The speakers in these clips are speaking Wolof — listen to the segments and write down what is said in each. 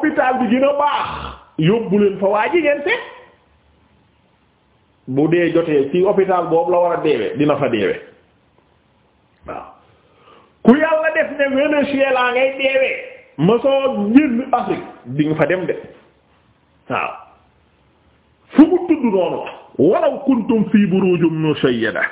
hôpital bi dina baax yóbbu leen fa waa ji seet bu dee jotee ci hôpital boobu la war a deewee dina fa deewee waaw ku yàlla def ne Venezuela ngay deewee ma soo génn Afrique di fa dem de waaw fu mu tudd noonu la walaw kuntum fii burujum mushayyada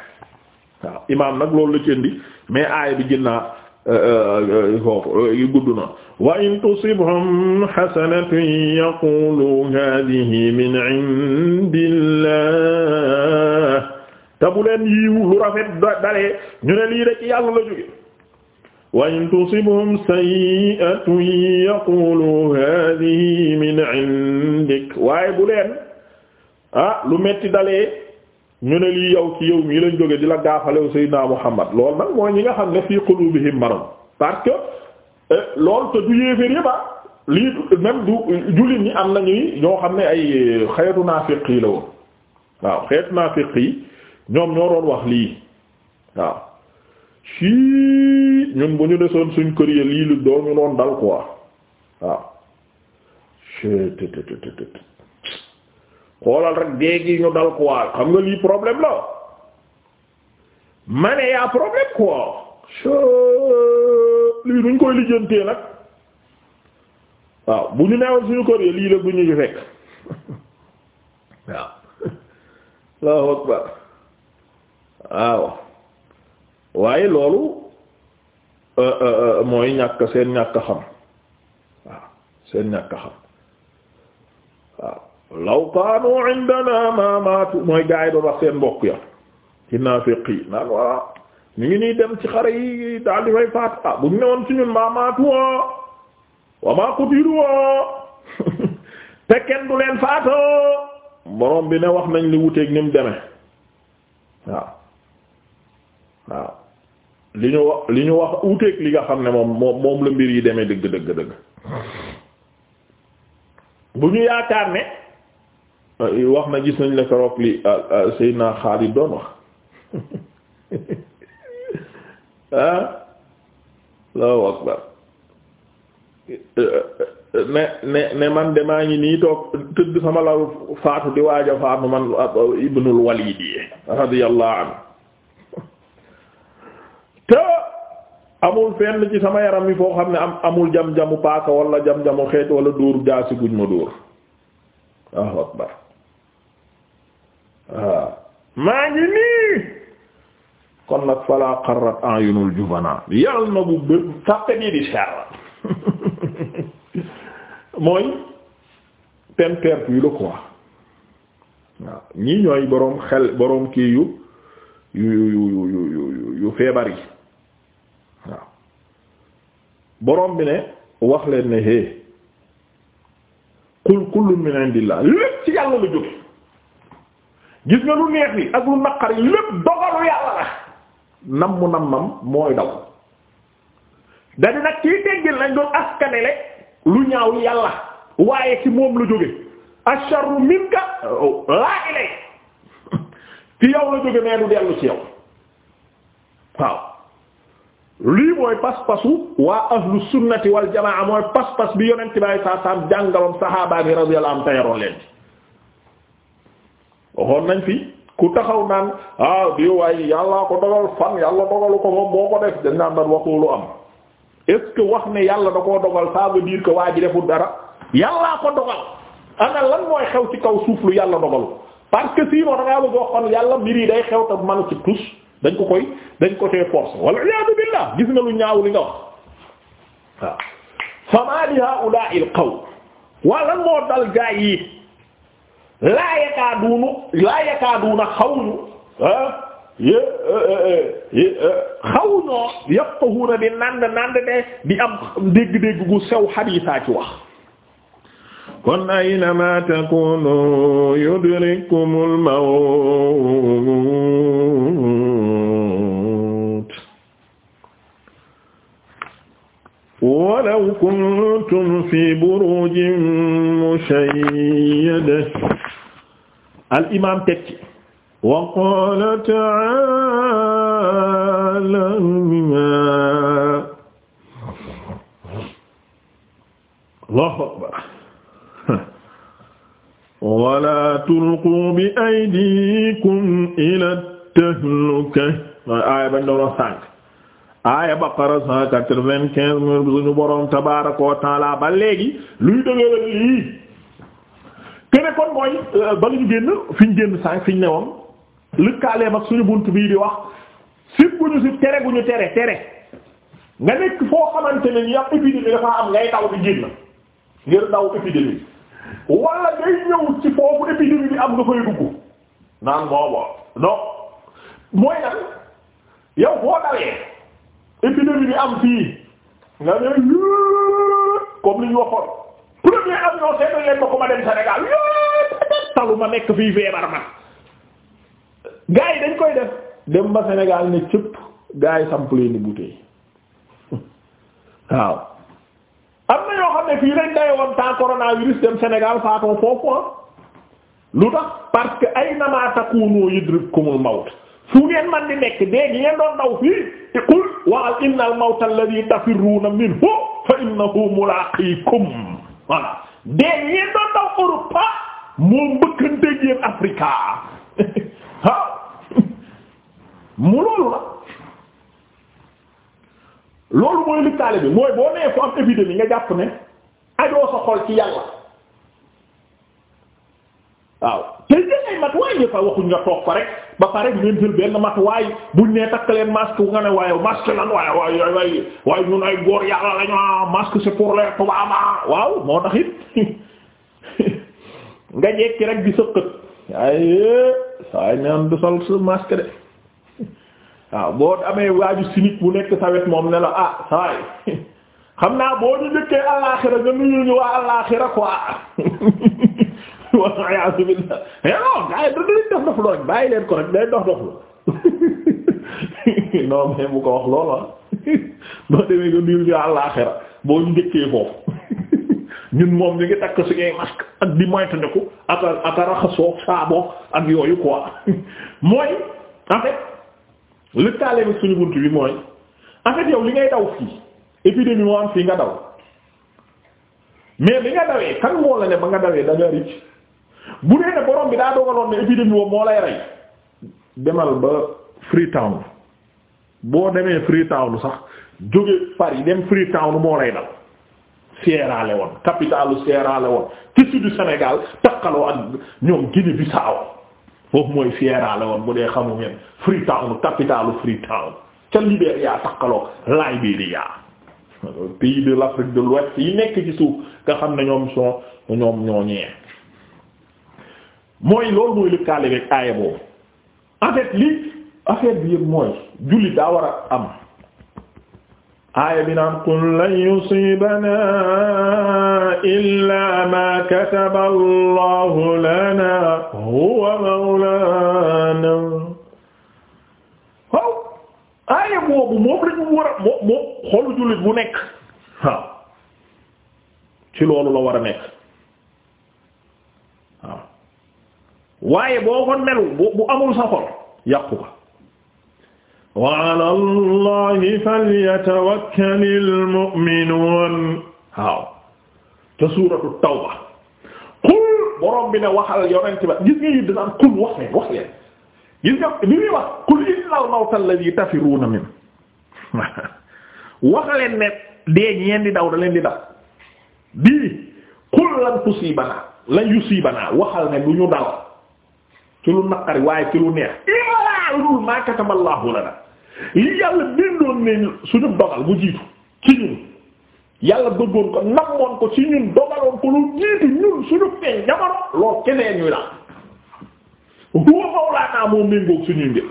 waaw imaam nag loolu la ci mais aaya bi ginnaa yu gudd na wa in tusibhum hasanatun yaqulu hadhihi min indillah te bu leen yiw lu rafet dalee ñu ne lii de ci yàlla la jóge wa in tusibhum yaqulu hadhihi min indik waaye bu leen ah lu metti dalee ñu ne lii yow ci yow mii lañ jóge di la gaafalew Seydina Muhammad loolu nag mooy ñi nga xam ne fii qulubihim marad parce que eh, loolu te du yéeféer yëpp ah. lii même du jullit ñi am nañuy ñoo xam ne ay xeetu naafiq yi la woon waaw xeetu naafiq yi ñoom ñoo doon wax lii waaw sii ñun bu ñu desoon suñ kër yi lii lu doo ñu doon dal quoi waaw xoolal rek déegi ñu dal quoi xam nga lii problème la ma ne yaa problème quoi lii duñ koy lijjantee nag waaw bu ñu neewoon suñu kër yi lii la bu ñuy ci fekk waaw waaye loolu euh, euh, euh, mooy ñàkk seen ñàkk xam waaw seen ñàkk xam law kaanu indana ma mooy gaa yi doon wax seen mbokk ya ci naafiq yi naan waa ñu ngi nii dem ci xare yi daal di fay faat ah bu ñu newoon ci ñun ma maatu woo wa ma qutilu te kenn du leen faatoo borom bi ne wax nañ li wuteeg ni mu demee waaw waaw li ñu wax li ñu wax wuteeg li nga xam ne moom moom la mbir yi deme dëgg dëgg dëgg bu ñu yaakaar ne Euh, wax na gis nañ la keroog li euh, euh, Seydina Xaalid doon wax ah Allahu akbar ne ne ne man de maa ngi nii toog tëdd sama law faatu di waaja faatu man Ibnul Walid radiyallahu anhu te amul fenn ci sama yaram wi foo xam ne am amul jam-jamu paaka wala jam-jamu xeej wala dóoru jaasi guñ ma dóor Allahu akbar waaw maa ngi nii kon nag fala qarrat ayunul jubana yàlla na bu bë sàppe di di serra mooy ten perte yu la quoi waaw ñii ñooy boroom xel boroom kii yu yu yu yu yu feebar yi waaw boroom bi ne wax leen ne hé kul kullun min indillah lépp ci yàlla la jóge gis nga lu neex li ak lu naqari lépp dogalu yàlla la nam mu mooy daw dadi nag ciy teggil lañ doon askanele lu ñaaw yàlla waaye ci moom la jóge asharru minka laa ci yow la jóge nee du dellu ci yow waaw lii mooy pas-pasu waa ahlu sunnati wal mooy pas-pas bi yonent bi sallallahu alayhi wasallam saxaabaani radiyallahu anhum tayaroon leen waxoon nañ fi ku taxaw naan ah bii waaye yàllaa ko dogal fan yàlla dogalu ko moom boo ko def dañ naan man waxu lu am est-ce que wax ne yàlla da koo dogal ça veut ko que waa ji deful dara yàllaa ko dogal ana lan mooy xew ci kaw suuf lu yàlla dogalu parce que sinon da ngaa bëgg a yàlla mbir yi day xew te manu ci tus dañ ko koy dañ ko tee force wala iyaadu billah gis nga lu ñaaw li nga wax waaw. fa maa li haa'ulaa'il waa lan moo dal gaay yi. laa yakaaduuna laa yakaaduuna xawuñu ah, eh, eh, eh, xawuñoo yafqahuuna di nand nand de di am dégg-dégg gu sew xadiisaa ci wax kon aynama takunu yudrikumul mawt walaw kuntum fi burujin mushayyada al imaam teg ci wa qaala ta'aala Allahu akbar wala tulqu bi aydikum ila tahluka aaya bañ doon sànq aaya baqara cent quatre-vingt-quinze suñu boroom tabaaraka wa ta'aala ba léegi luy dëgëral lii kene kon mooy euh, ba ñu génn fi ñu génn sànq fi ñu ne woon lëkkaaleem ak suñu bunt bii di wax sib guñu sib tere guñu tere tere nga nekk foo xamante ne ñu yàq épidémie am ngay daw di génn ngir daw épidémie wala ngay ñëw ci foofu épidémie bi am nga fay dugg naan boobu non mooy nag yow boo dalee épidémie bi am fii nga ne comme li ñu premier ma nekk fii feebar koy def dem ba Sénégal ah. lu tax parce que ay namaa takuunoo yudrikkumul mawt fu ngeen man di nekk dee gi ngeen doon daw fii te qul wa innal mawta alladhi tafirruuna minhu fa innahu mulaaqiikum voilà dee yéen doon daw pa moom bëkkanteeg yéen Afrique waaw mu loolu la loolu mooy lëkkaale bi mooy boo nee fu am épidémie nga jàpp ne ajoo sa xol ci yàlla waaw te jëlay matuwaay yëpp a waxuñ nga toog fa rek ba pare ñu leen jël benn matuwaay buñ nee takk leen masque nga ne waaye masque lan waaye waaye waaye ñun ay góor yàlla lañu ah masque c'est pour les tubaab ah waaw moo tax it nga jekki rek di sëqët waaye saa yi naan du sol su de waaw boo amee waaju sinik bu nekk sa moom ne la ah saa xam naa boo ñu dëkkee alaaxira nga nuyu ñu waa alaaxira quoi waliasu billah non gars yi dadaliñ dox dox lu rek bàyyi leen ko rek day dox dox lu non mais bu ko wax loolu ah boo demee nga niir ñu àllaaxira boo ñu njëkkee foofu ñun moom ñu ngi takk suñuy masque ak di saaboo ak yooyu quoi mooy en fait li taale suñu bunt bi mooy en fait yow li ngay daw fii épidémie moo fii nga daw mais bi nga dawee kan moo la ne ba nga dawee da nga bu dee ne borom bi daa dogaloon ne épidémie boobu moo lay rey demal ba Freetown boo demee Freetown sax jóge Paris dem Freetown moo lay dal Sierra Leone capitalu Sierra Leone ci sud Sénégal takkaloo ak ñoom Guinée-Bissau foofu mooy Sierra Leone bu dee xamu ngeen Freetown capitalu Freetown ca Libéria takkaloo Liberia pays de l'Afrique de l'Ouest yi nekk ci nga xam ne ñoom son ñoom ñoo ñee mooy loolu mooy lëkkaale beeg aaya boobu en li affaire bi yëpp mooy jullit daa war am aaya bi naan qul lan yusibana illa ma kataba allahu lana huwa mawlana waaw aaya boobu moom lañu war a moom moom xolu bu nekk waaw ci loolu la war a nekk waaw waaye boo ko nelu bu amul sa xol yàqu ko wa ala allahi falyatawakkalil mu'minuun waaw te suuratu tawba qul bi ne waxal yonent ba gis nga yidda naan qul wax leen wax leen gis nga li muy wax qul innal mawta alladhi tafiruuna min wax leen ne dee ñeen di daw da leen di daw bii qul lan tusiibanaa lan yusiibanaa waxal ne du ñu dal ci lu naqari waaye ci lu neex illaa lu maa kataballahu lana li yàlla bindoon ne suñu dogal bu jiitu ci ñun yàlla bëggoon ko namoon ko ci ñun dogaloon ko lu jiitu ñun suñu feeñ jamono lool keneen ñuy daal huwa mawlaana moom méngoog suñuy mbir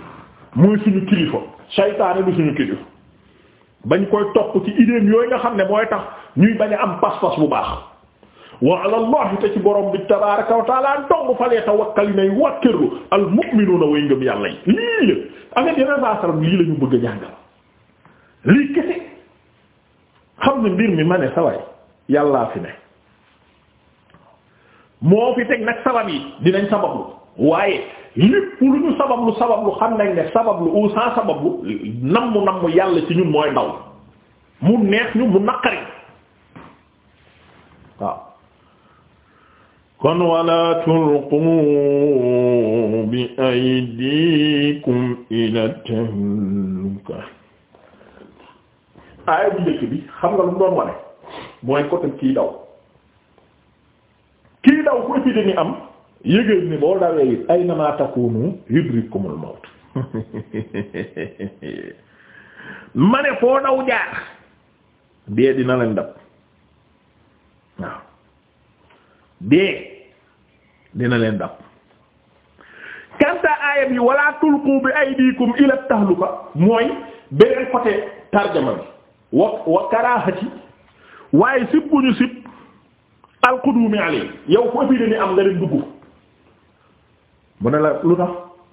mooy suñu kilifa saytaane du suñu kilifa bañ koy topp ci idéem yooyu nga xam ne mooy tax ñuy bañ am pas-pas bu baax wa ala allah te ci borom bi tabaaraka wa taala dong falee tawakkal yi nay wàkkirlu al mu'minuuna way ngëm yàlla yi lii lé avec yeneen saa sallam lii la ñu bëgg a jàngal lii kese xam ne mbir mi ma ne saway yàllaa fi ne moo fi teg nag sabab yi dinañ sabablu waaye lépp lu ñu sabablu sabablu xam nañ ne sabablu ou sans sabablu nammu nammu yàlla ci ñun mooy ndaw mu neex ñu mu naqari waaw kon wala tulqu bi aydikum ila tahluka aaya bu njëkk bi xam nga lu mu doon wane mooy côté kii daw kii daw ku épidémie am yëgéen ni boo dawee it ay nama takunu yudrikumul mawt ma ne foo daw jaar dee dina leen dab dee dina leen dab kanta aayam yi wala tulqu bi aydikum ila tahluka mooy beneen côté tarjama bi wa wa karahati waaye sib bu ñu sib alqudumi alay yow foo fi am nga leen dugg mu ne la lu tax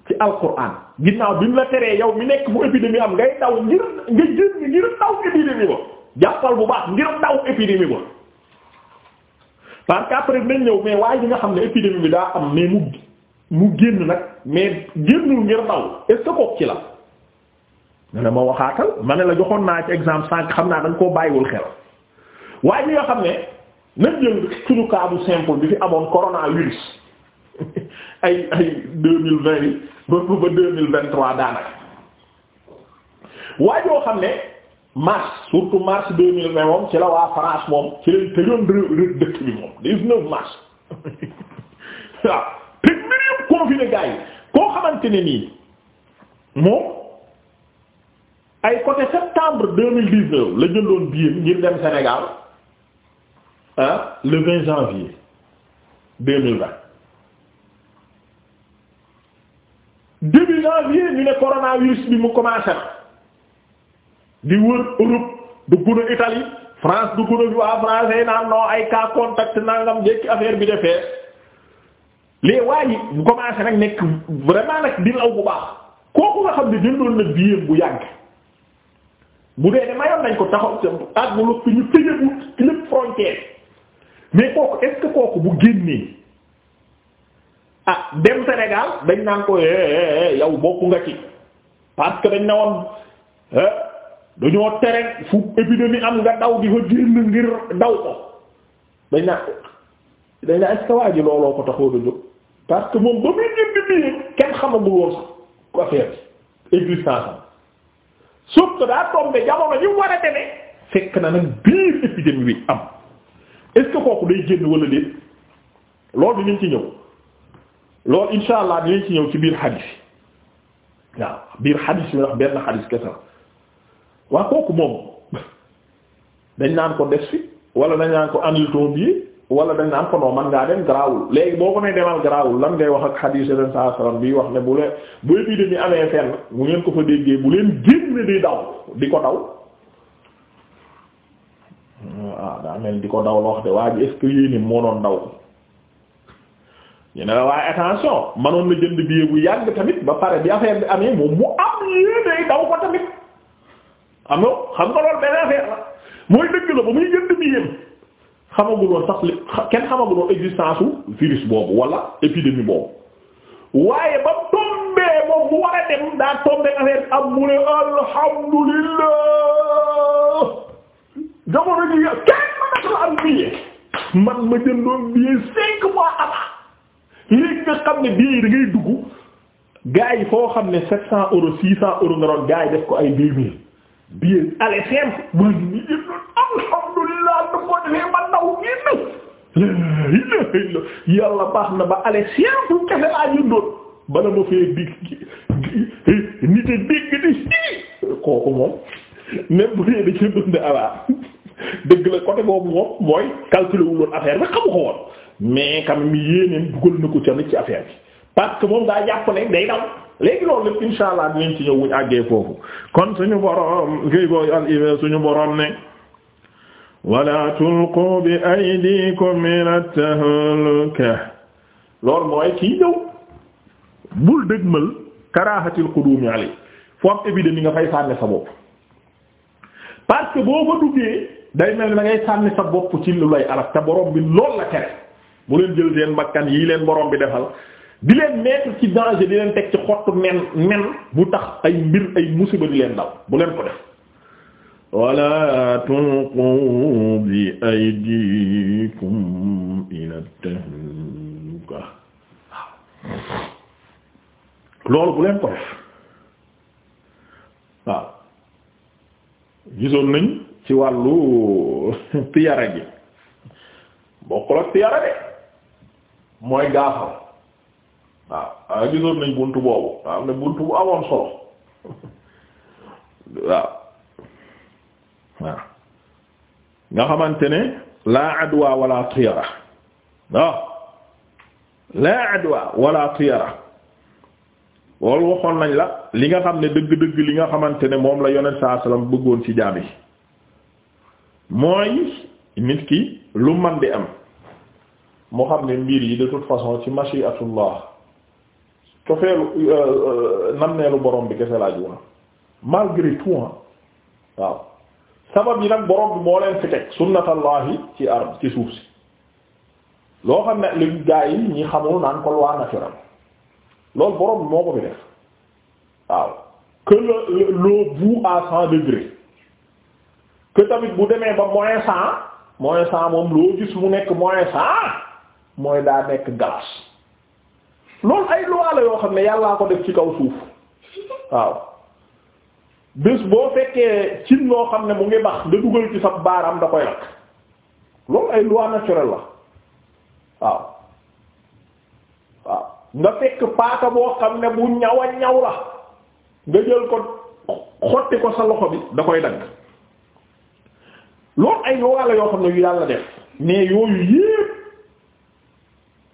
ci alquran ginnaaw bi mu la teree yow mu nekk fu épidémie am ngay daw ngir nga jër ngir daw épidémie ba jàppal bu baax ngir daw épidémie ba parce que après dinañ ñëw mais waaye bi nga xam ne épidémie bi daa am mais mu mu génn nag mais génnul ngir daw est-ce ci la ne ne waxaatal ma ne la joxoon naa ci exemple sànq xam naa dañ koo bàyyiwul xel waaye bi nga xam ne nañ jël suñu cas bu simple bi fi amoon coronavirus ay ay deux mille vingt yi ba ba deux mille vingt trois daanaka waaye yoo xam ne mars surtout mars deux mille vingt moom ci la waa France moom ci lañ tëjoon rë- dëkk bi moom dix mars waaw te nii moom ay côté septembre deux mil dix-neuf la jëndoon biir ngir dem Sénégal ah le vingt janvier deux mille vingt début janvier ñu ne coronavirus bi mu commencé na di wër Europe dugg na Italie France dugg na bi waa français naan ay cas contact nangam njëkk affaire bi defee les waa yi bu commencé nag nekk vraiment nag di law bu baax kooku nga xam ne biir bu yàgg bu ko taxaw ñu tëjee bu génnee ah dem Sénégal dañ naan ko eh, eh, eh bokku nga ci parce que dañ ne woon eh, dañoo tere fu épidémie am nga daw di fa génn ngir daw ko dañ naa dañ naa est-ce que looloo ko taxoo da jóg parce que moom ba muy jënd bii kenn xamagul woon sax ko affaire bi existence am sauf que daa tombé jamono ñu war a demee fekk na nag biir épidémie bi am est-ce day génn wala déet loolu dinañ ci ñëw loolu insha allah dinañ ci ñëw ci biir xadiis yi waaw biir xadiis yi ndax benn xadiis kese la waa kooku moom dañ naan ko des fi wala dañ naan ko andil ton bi wala dañ naan ko noo man ngaa dem garaawul léegi boo ko ne demal garaawul lan ngay wax ak xadiis sallallahu alayhi wasallam bi wax ne bu leen bu épidémie amee fenn mu ngeen ko fa déggee bu leen génn di daw di ko daw waaw ah, daa mel di ko daw la wax de waa ji est-ce que yéeni moo doon la waaye attention manoon bu yàgg ba pare bi bi amee moom mu am yéene daw ko tamit am na xam nga loolu benn affaire la mooy dëgg la ba muy jënd bi yem xamaguloon sax li kenn xamaguloon existence u virus boobu wala épidémie boobu waaye ba tombee moom bu war dem daa tombee affaire am mu ne alhamdulillah jamono ji kenn mënatu la am man ma jëndoon billet cinq mois avant léegi nga xam ne bii yi da ngay dugg gars yi foo xam ne sept cent euros six cent euros nga doon gars yi def ko ay deux mille billet aller simple maa ngi nii yéen ñoom alhamdulilah nu ko defee ma ndaw génn na ba aller simple kese laa yëndoon bala ma fee dig nit a dig di kooku moom même bu dee da cee dund ala dëgg la côté boobu moom mooy calculé wu loon bi xamu ko woon mais quand même yéeneen na ko tamit ci affaire bi parce que moom daa jàpp ne day daw. léegi loolu lépp insha allah dinañ ci ñëw wuñ àggee foofu kon suñu borom kii booy al suñu borom ne wala tulqu bi aydikum ila tahluka loolu mooy kii ñëw bul dëgmal karaahatil qudumi alay foo am épidémie nga fay sànni sa bopp parce que boo fa duggee day mel ni da ngay sànni sa bopp ci lu lay alal te borom bi lool la tere bu leen jël seen bakkan yii leen borom bi defal di leen mettre ci danger di leen teg ci xottu nen nen bu tax ay mbir ay musiba di leen dal bu leen ko def wala loolu bu leen ko def waaw gisoon nañ ci wàllu tiyara ji bokkul ak tiyara de mooy gaafal waaw a gisoon nañ buntu boobu waaw am ne buntu bu amoon solo waaw waaw nga xamante ne la adwa wala tiyara waaw la adwa wala waxoon nañ la li nga xam ne dëgg-dëgg li nga xamante ne moom la yonent saa salaam bëggoon ci jaam yi mooy nit ki lu man di am moo xam ne mbir yi de toute façon ci mashiatullah cofeelu euh, euh, namneelu borom bi kese laa ji woon malgré tout waaw sabab yi nag borom bi moo leen fi sunnatallahi ci arab ci suuf si loo xam ne li gaa yi ñi xamul naan ko loi naturelle loolu borom bi moo ko fi def waaw que le l'eau à cent degrés que tamit bu demee ba moins cent moom loo gis mu nekk moins cent mooy daa nekk glace loolu ay loi la yoo xam ne yàllaa ko def ci kaw suuf waaw bés boo fekkee cin loo xam ne mu ngi bax nga dugal ci sa baaraam da koy lakk loolu ay loi naturelle boo xam ne bu ñaw a nga jël ko ko sa loxo bi da koy ay loi la yoo xam ne yàlla def mais yooyu yépp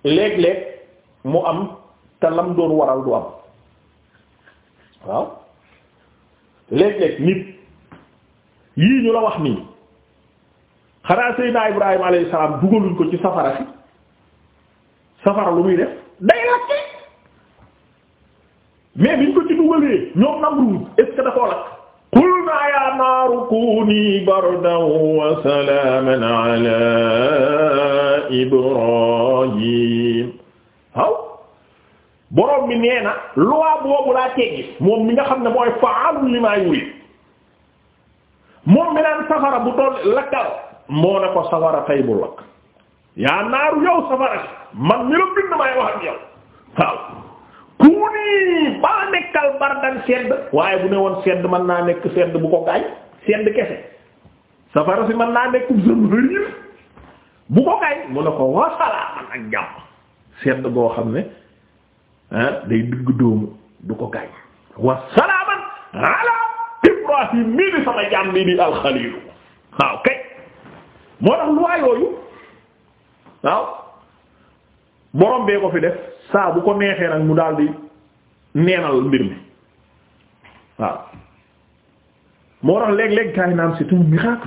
léeg-léeg mu am te lam doon waral du am waaw léeg-léeg nit yii ñu la wax nii xanaa Seydina Ibrahima alayhi salaam dugaluñ ko ci safara si safara lu muy def day lakke mais biñ ko ci dugalee ñoom Namruud est-ce que dafoo lakk qulna ya naaru kuuni bardan wa salaaman ala Ibrahim waaw borom bi nee na loi boobu laa teggi moom mi nga xam ne mooy fa'alu lima yurid moom mi naan safara bu toll lakkal moo ne ko safara tay bu lakk yaa naaru yow safara man mi la bind may wax ak yow waaw kuuni baa nekkal bardan sedd waaye bu ne woon sedd mën naa nekk sedd bu ko gaay sedd kese safara si mën naa nekk bu ko gaay mu ne ko wasalaa man ak jàmm sedd boo xam ne day digg doomu du ko gaañ wa salaaman ala ibrahim mii di sama jaam mii di alxalilu waaw kay moo tax lu yooyu waaw borom bee ko fi def saa bu ko neexee nag mu daal di neenal mbir mi waaw moo tax léeg-léeg gaa naan c'est un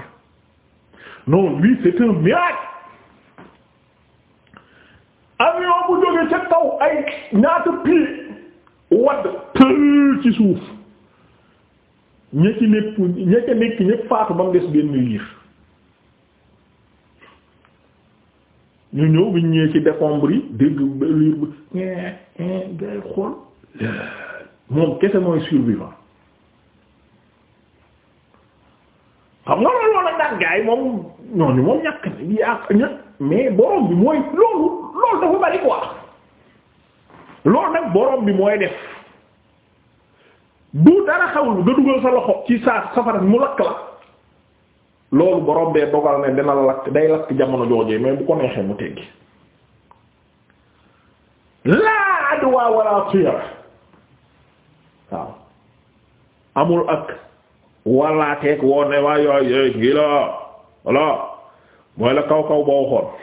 non lui c'est un ca kaw ay ñaata pii wadd tëll ci suuf ña ci nekk ña nekk ñépp faatu ba mu des benn liir ñu ñëw bi ñëwee ci décombre yi dégg liir bu ñee eh, eh, ñee ngay xool moom kese mooy survivant xam nga loolu loolu daan gaa yi moom ñooñu moom ñàkk na yaa ñàkk mais borom mooy loolu loolu dafa bari quoi loolu nag borom bi mooy def du dara xawul nga dugal sa loxo ci saa safara mu lakk la loolu borom bee dogal ne dina lakk day lakk jamono joojee mais bu ko neexee mu teggi laa adwa wala tuyara waaw amul ak wallaateeg woon ne waa yooyu gi la walla mooy la kaw kaw boo waxoon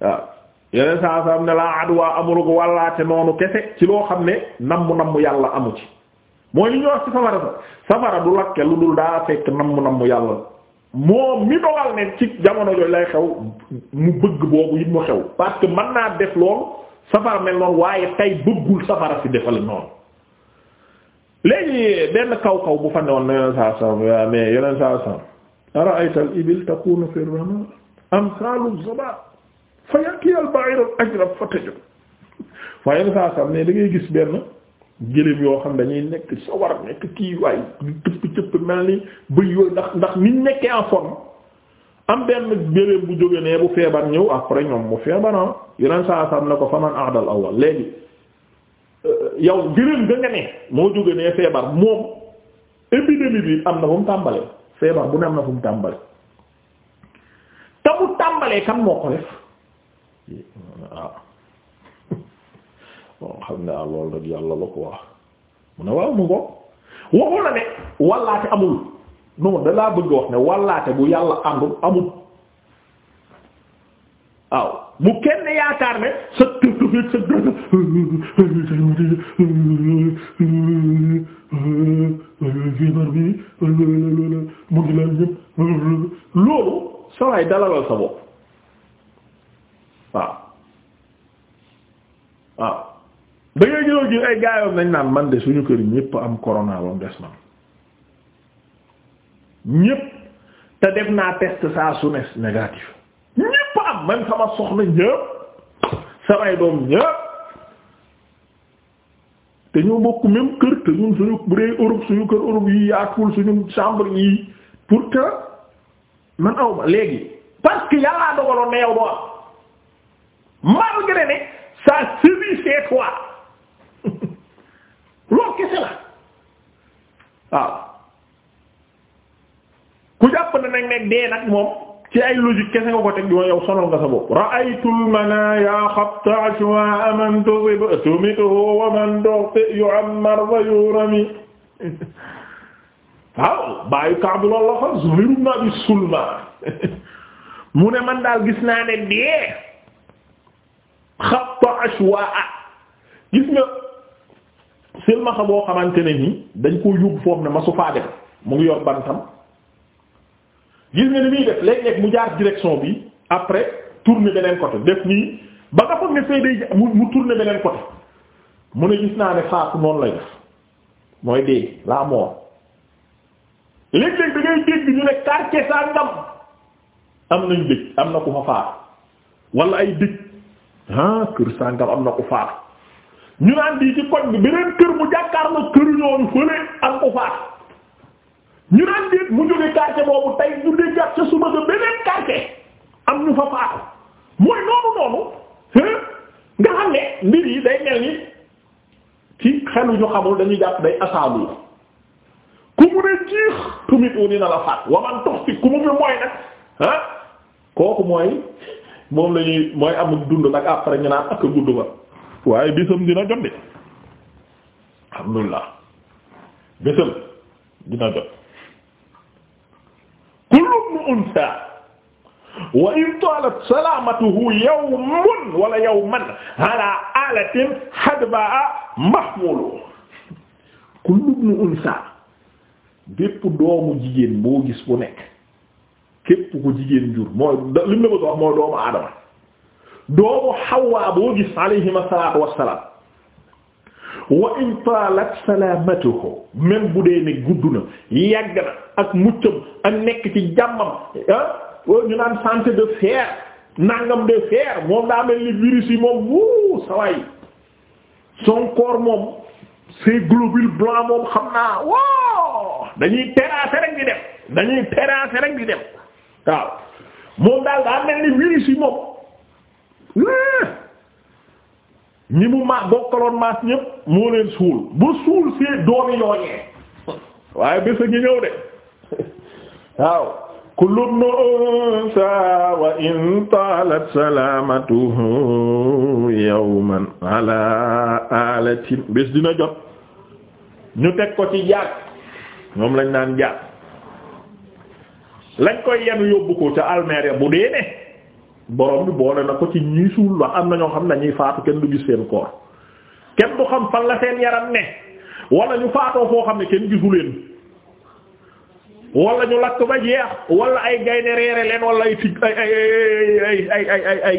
waaw yeneen saa saa am ne laa adwa amul ko wàllaate noonu kese ci loo xam ne nam namm yàlla amu ci mooy li ñu wax ci safara sa safara du lakke lu dul daa fekk nam namm yàlla moom mi dogal ne ci jamono yooyu lay xew mu bëgg boobu it mu xew parce que mën naa def loolu safara mel noonu waaye tey bëggul safara si defal noonu léegi benn kaw kaw bu fa woon na yeneen saa saa mais yeneen saa saa ara'ayta al-ibil takunu fi ar-rama amsalu az fa yaqi al ba'ir al ajrab fa tëju waaye yenn saa sax ne da gis benn gëléem yoo xam dañuy nekk sa war nekk kii waay cëpp cëpp mel ni bëy yooyu ndax ndax ni nekkee en forme am benn gëléem bu jóge ne bu feebar ñëw après ñoom mu feebaram ah. yeneen saa sax ne ko faman ahdal awal léegi euh, yow gëléem ga nga ne moo jóge ne feebar moom épidémie bi am na fu mu tàmbalee feebar bu ne am na fu mu tàmbalee te mu tàmbalee kan moo ko def waaw bon xam ne ah loolu nag yàlla la ko wax mu ne waaw mu ngo waxu la ne wallaate amul non da bëgg wax ne wallaate bu yàlla àndul amul waaw bu kenn yaakaar ne sa tëftëfeeg sa dada fiibar bi mu ngi lal dalalal sa bopp waaw waaw da ngay jëloo jël ay gaayoon nañ naan man de suñu kër ñépp am corona ba des man ñépp te def naa test saa su ne négatif ñépp am man sama soxna ñépp samay doom ñépp te ñoo bokk même kër te ñun suñu bu dee Europe suñu kër Europe yi yaatuwul suñu chambre yi pour que man awma léegi parce que yàllaa dogaloon na yow doo am malgré ne ça sévit chez toi loolu kese la waaw ku jàpp na nag ne dee nag moom ci ay logique kese nga ko teg yow yow sonal nga sa bopp ra'aytul manaya xabta ashwa man tusib tumituhu wa man tuxti yu'ammar wa yurami waaw bàyyi kaabu loolu la xam Zuhayr ibn Abi Sulma mu ne man daal gis naa ne dee xatta ashwaa gis nga silmaxa boo xamante ne nii dañ koo yóbbu foofu ne ma su faa def mu ngi yor bantam gis nga ni muy def léeg-léeg mu jaar direction bi après tourner beneen côté def nii ba nga foog ne fee day mu mu tourner beneen côté mu ne gis naa ne faatu noonu lay def mooy dee la mort léeg-léeg da dégg ñu ne quartier sangam am nañ dëj am na ku fa faatu wala ay dëj ah kër sàngam am na ko faatu ñu naan di ci koñ bi beneen kër bu jàkkaarloo kër ñooñu fële am ko faatu ñu naan déet mu jóge quartier boobu tey ñu dee jàpp ca suba ba beneen quartier am ñu fa faatu mooy noonu noonu nga xam ne mbir yi day mel ni ci xelu ñu xamul dañuy jàpp day asaabu ku mu ne jiix tumit wu na la faat waman tox si ku mu fi mooy nag ah kooku mooy moom la ñuy mooy amul dund nag après ñu naan ak gudd ba waaye bisam dina jot de alhamdulillah bisam dina jot kullu ibn unsa wa in talat salamatuhu yawmun wala yawman ala alatin hadba mahmulu kullu ibn unsa bépp doomu jigéen boo gis bu nekk képp ku jigéen jur mooy li mu la wax mooy doomu aadama doomu Hawa boo gis alayhima salaatu wassalaam wa in taalat salaamatuhu même bu dee ne gudd na yàgg na ak muccam ak nekk ci jàmmam ah ñu naan santé de fer nangam de fer moom daa mel ni virus yi moom wuu saway son corps moom ses globules blancs moom xam naa waaw dañuy terrasser rek di dem dañuy terrasser rek di dem waaw moom daal daa mel ni virus yi moom ñi mu ma bokkaloon maas ñëpp moo suul bu suul see doomi yooyee waaye bés a ngi de waaw kullum nu unsa wa in taalat salaamatuhu yawman ala alatin bés dina jot ñu teg ko ci jaag ñoom lañ daan jaag lañ koy yenu yóbbu ko ca almeer bu dee ne borom bi boole na ko ci ñuy suul wax am na ñoo xam ne dañuy faatu kenn du gis seen koor kenn du xam fan la seen yaram ne wala ñu faatoo foo xam ne kenn gisu leen wala ñu lakk ba jeex wala ay gaynde reere leen wala ay tig ay ay ay ay ay ay ay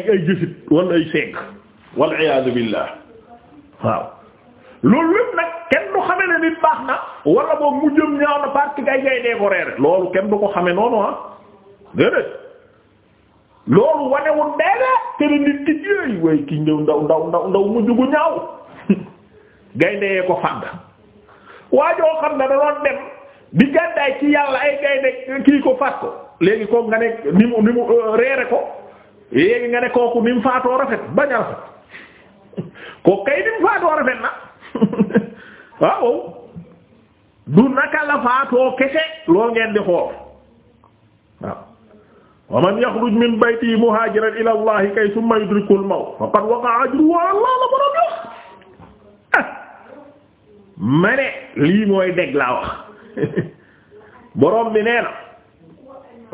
wala ay segg wal iyaazu billah waaw loolu lépp nag kenn du xame ne nit baax na wala boobu mu jëm ñaaw na parce que gay gay décoré rek loolu kenn du ko xame noonu ah déedéet loolu wanewul dara te ne nit ki jéey way ki ñëw mu jugu ñaaw gaynde yee xam ne ci yàlla ay gaynde kii ko faat ko léegi kooku nga ne ni mu ni mu euh, reere ko léegi nga ne kooku ni mu faatoo rafet bañ a rafet kooku kay ni mu faatoo rafet na waaw du naka la faatoo kese lool ngeen di xool waaw wa man yaxruj min baytihi muhaajiran ila allah kay summa yudriku allah la borom wax ah. ma ne lii mooy dégg laa wax borom bi nee na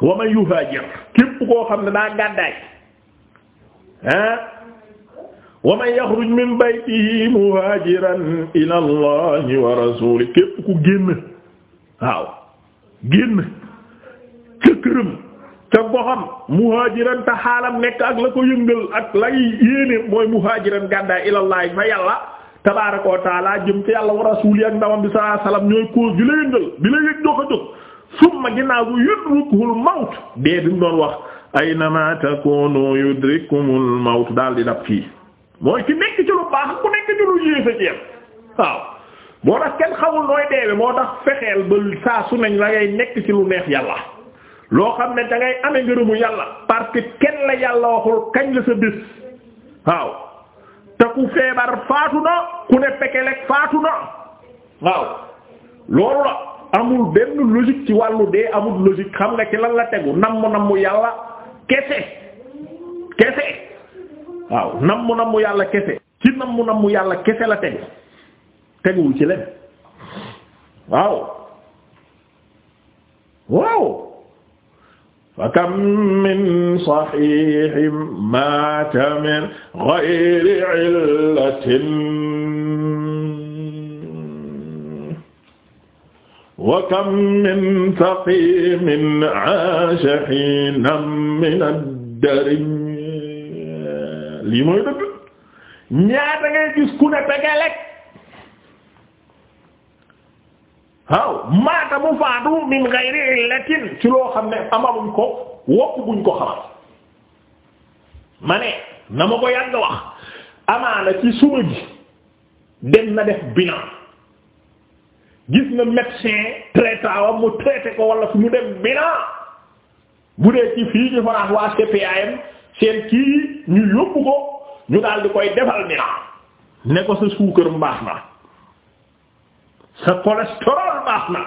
wa man yuhaajir képp koo xam ne daa gàddaay ah wa man yaxruj min baytihi muhaajiran ila wa rasuulihi képp ku génn waaw génn ca këram ca muhaajiran te xaalam nekk ak la ko yëngal ak lay yéene mooy muhaajiran gàddaay ilallahi fa yàlla tabaaraka wa taala jëm te yàlla wa rasuuli ak ndawam bi sallallahu alayhi ñooy cause bi la yëngal bi la yëg dox a jóg summa ginnaaw bu yudrikuhul mawt dee bi mu doon wax aynama takunu yudrikumul mawt daal di dab fii mooy ci nekk ci lu baax ku nekk ci lu yées a jeex waaw moo tax kenn xawul nooy deewe moo tax fexeel ba saa su nañ la ngay nekk ci lu neex yàlla loo xam ne dangay ngay amee yàlla parce que kenn la yàlla waxul kañ la sa bés waaw te ku feebar faatu na ku ne pekelek faatu na waaw loolu la amul benn logique ci wàllu dee amul logique xam nga ci lan la tegu namm namm yàlla kese kese waaw nammu nammu yàlla kese ci nammu nammu yàlla kese la tegu teguwul ci len waaw waaw fa kam min saxiixin maata min gayri illatin wa kam min saqiimin aasha hiinan min addarin lii mooy dëgg ñaata ngay gis ku ne pegelek waaw maata mu faatu min ghayri illatin ci loo xam ne amaluñ ko wopp buñ ko xamal ma ne na ma ko yàgg wax amaana ci suma gi dem na def bilan gis na médecin traitant wam mu traité ko wala fu mu dem bilan bu dee ci fii ci France waa CPAM seen kii ñu yóbbu ko ñu daal di koy defal mi na ne ko sa suukar mbaax na sa cholestérol mbaax na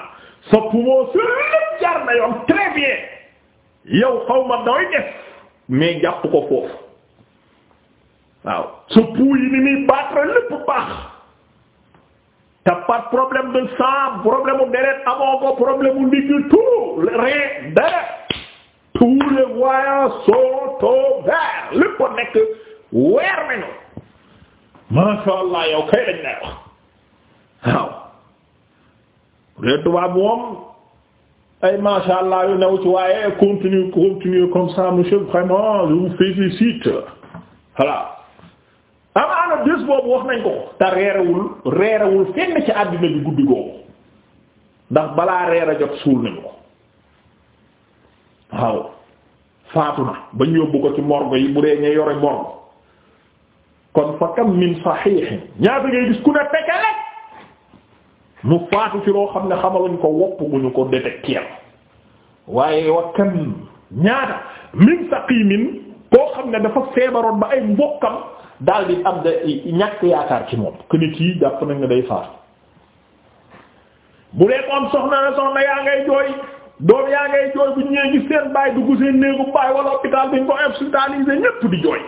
sa poumon sa lépp jar na yoon très bien yow xaw ma doy def mais jàpp ko foofu waaw sa pou yi ni muy battre lépp baax te pas problème de sang problème mu deret amoo ko problème mu ndigg tout rien tous les voyants sont au vert nekk weer nañu masha Allah yow kay lañ na wax waaw les tubaab moom ay masha Allah yu new ci waaye continue continue comme ça monsieur vraiment je vous félicite voilà amaana bés boobu wax nañ ko te reerewul reerewul fenn ci àddina bi guddi googu ndax balaa reer jot suul nañu ko waaw faatu na bañ yóbbu ko ci morgue yi bu dee ña yore morgue kon fa kam min saxiixin ñaata ngay gis ku ne pekkale mu faatu ci loo xam ne xamaluñ ko wopp bu ñu ko détecté waaye wa kam ñaata min saqimin koo xam ne dafa feebaroon ba ay mbokkam daal di am da ñàkk yaakaar ci moom que nit yi jàpp nañ ne day faatu bu dee ko am soxna na soxna yaa ngay jooy doom yaa ngay jooy bu ñëwee gis seen baay dugg seen néegu baay wala hôpital bi ñu ko hospitalisé ñépp di jooy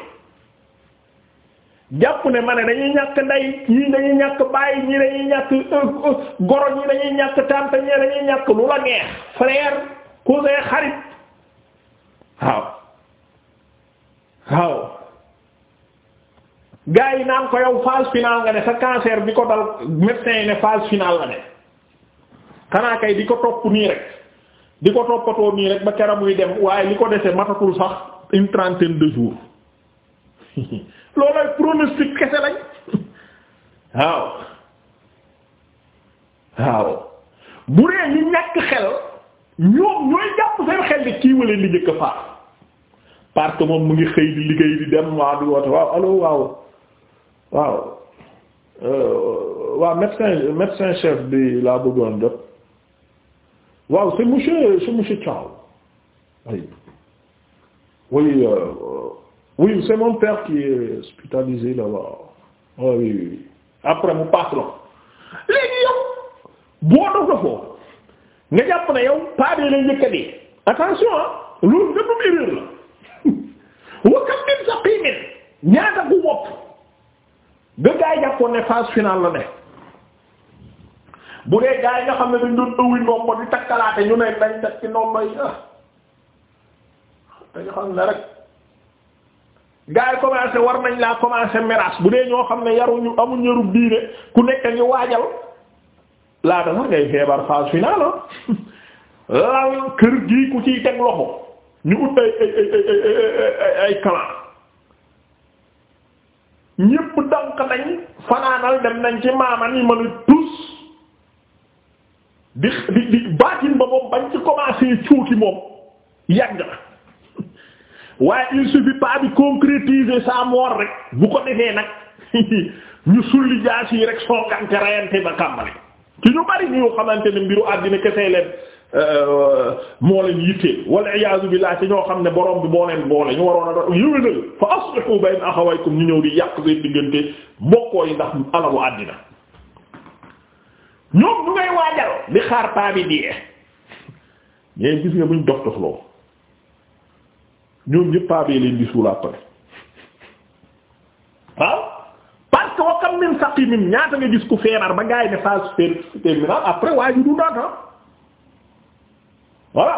jàpp ne ma ne dañuy ñàkk ndey ñii dañuy ñàkk baay ñii dañuy ñàkk euh, euh, goro ñii dañuy ñàkk tante ñii dañuy ñàkk lu la neex frère cousin xarit waaw waaw gars yi naan ko yow phase finale nga ne sa cancer bi ko dal médecin yi ne phase finale la ne xanaa kay di ko topp nii rek di ko toppatoo nii rek ba keroog muy dem waaye li ko dese matatul sax une trentaine de jours loolooy pronostic kese lañ waaw waaw bu dee ñu xel ñoom ñooy jàpp seen xel di kii li njëkk a faat que moom mu ngi xëy di liggéey di dem waa di woote waaw allo waaw waaw euh, waa médecin médecin chef bi laa bëggoon jot. waaw c'est monsieur c'est monsieur Thiaw oui oui euh, euh, oui c'est mon père qui est hospitalisé là-bas waaw ah, oui, oui, oui. après mu paas la léegi yow boo dof la foofu nga jàpp na yow pas de lay njëkka dee attention ah loolu nga moom erreur la wakkat min sa qiimin ñaata gu wopp nga gaa jàppoon ne phase la ne bu dee gaa yi nga xam ne dañ doon ëwi ndombo di takkalaate ñu ne dañ teg ci ndombo yi ah dañu xam ne rek gaa yi commencé war nañ laa commencé miraas bu dee ñoo xam ne yaruñu amuñ yarub diine ku nekk ngi waajal laata sax ngay feebar phase finale ah. laal kër gi ku ciy teg loxo ñu ut ay ay ay kalaan ñépp dank nañ fanaanal dem nañ ci maama ni mën a tus di di di baatin ba moom bañ ci commencé cuuki moom yàgg na waaye il suffit pas bi concrétiser sa mort rek bu ko defee nag ñu sulli jaas yi rek soogante rayante ba kàmbale ci ñu bari ñu xamante ne mbiru àddina kese leen euh, moo leen yitteel wal iyaazu billaah ci ñoo xam ne borom bi moo leen boole ñu waroon a doon yëwénal fa aslihu bayna axawaykum ñu ñëw di yàq seen diggante mbokkoo ndax alalu àddina ñoom ñu ngay waajal di xaar paa bi dee mais gis nga buñ dox doxloo ñoom ñëpp paa bee leen di suul après waaw parce que wa kam min saqimin ñaata nga gis ku feebar ba gaay ne phase terminale après waaye du dundaat ah. voilà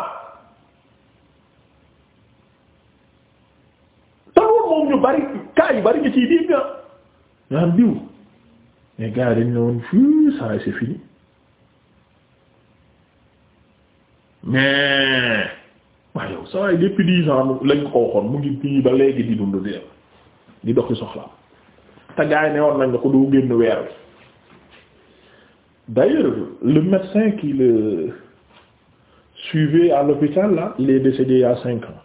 te loolu moom ñu bari cas bari nga ciy dégg nga ñaan diw mais gars yi dañ woon fii saa yi c'est fini mais waaye yow saa yi depuis lañ ko waxoon mu ngi fii ba léegi di dund di dem di dox ci soxla te gars ne woon nañ la ko doo génn weer wi d'ailleurs le médecin qui le suivait à l'hôpital là il décédé il cinq ans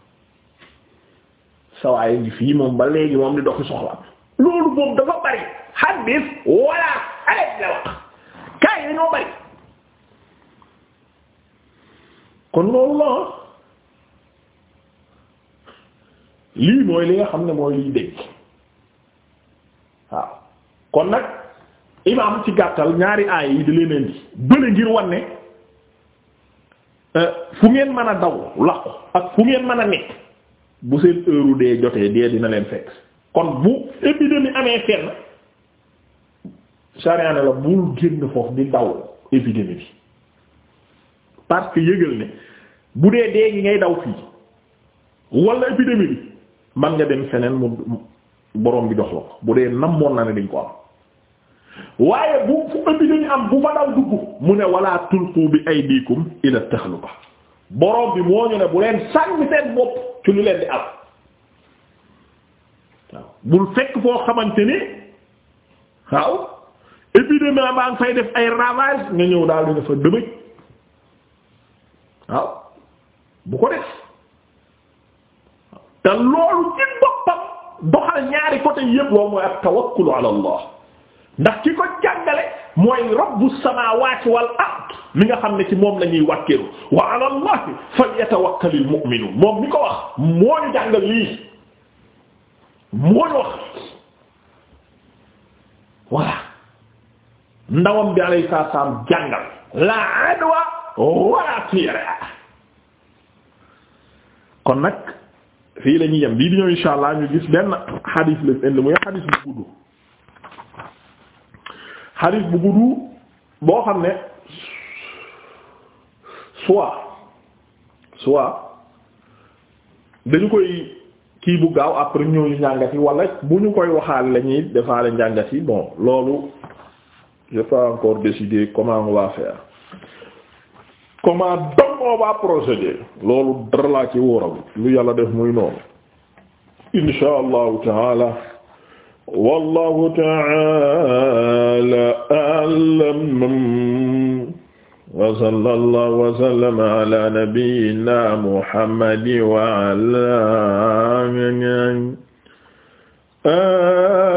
saa ngi fii moom ba léegi moom di dox ci loolu moom dafa bari. xaddis wala alaj la wax kaay yi bari kon loolu la ah. lii mooy li nga xam ne mooy liy dégg waaw kon nag imaam ci gàttal ñaari aay yi di leen indi bële ngir wanne euh, fu ngeen mën a daw làqu ak fu ngeen mën a nekk bu seen heure dee jotee dee dina leen fekk kon bu épidémie amee fenn sariya ne la bul génn foofu di daw épidémie bi parce que yëgal ne bu dee dee ngi ngay daw fii wala épidémie bi man nga dem feneen mu borom bi jox la ko bu dee namoon na ne dañ ko am waaye bu fu épidémie am bu fa daw dugg mu ne wala tulqu bi aydikum ila taxluqa borom bi moo ñu ne bu leen sànni seen bopp ci lu leen di al bul fekk foo xamante ni waaw épidémie baa ngi fay def ay ravage nga ñëw daal di nga fa dëbëj waaw bu ko def te loolu ci boppam doxal ñaari côté yépp loolu mooy ak tawakkulu ala allah ndax ki ko jàngale mooy rabbu samaawaati wal ard mi nga xam ne ci moom lañuy ñuy wàkkeeru wa ñu jàngal lii moo ndawam bi alayhi salaam jàngal la adwa wala fiira kon nag fii lañuy ñuy yem bii di insha allah ñu gis benn xadis la indi muy xadis bu gudd xadis bu gudd boo xam ne soit soit dañu koy kii bu gaaw après ñëw ñu njàngat wala bu ñu koy waxaal la ñuy defaale njàngat bon loolu j'ai pas encore décidé comment on va faire comment donc on va procéder loolu dara laa ci wóoral lu yàlla def muy noonu insha allahu taala wallahu taala alam wa sallallahu wa sallama ala nabiyyina